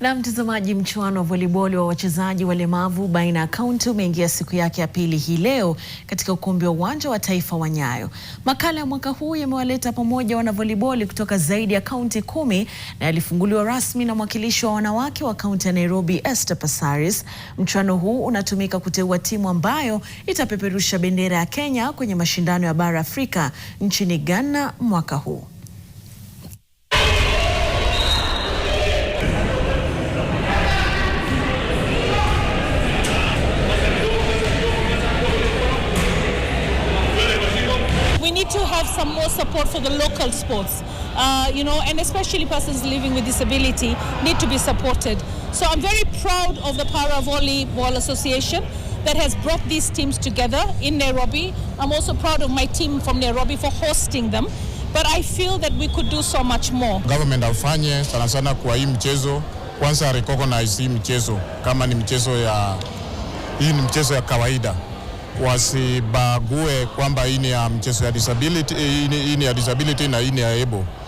Na mtazamaji, mchuano wa voliboli wa wachezaji walemavu baina ya kaunti umeingia siku yake ya pili hii leo katika ukumbi wa uwanja wa taifa wa Nyayo. Makala ya mwaka huu yamewaleta pamoja wanavoliboli kutoka zaidi ya kaunti kumi na yalifunguliwa rasmi na mwakilishi wa wanawake wa kaunti ya Nairobi, Esther Pasaris. Mchuano huu unatumika kuteua timu ambayo itapeperusha bendera ya Kenya kwenye mashindano ya bara Afrika nchini Ghana mwaka huu. to have some more support for the local sports. Uh, you know, and especially persons living with disability need to be supported. So I'm very proud of the Para Volleyball Association that has brought these teams together in Nairobi. I'm also proud of my team from Nairobi for hosting them. But I feel that we could do so much more. Government afanye sana sana kwa hii mchezo kwanza recognize hii mchezo kama ni mchezo ya hii ni mchezo ya kawaida wasibague kwamba hii ni ya mchezo ya disability, eh, hii ni ya disability na hii ni ya able.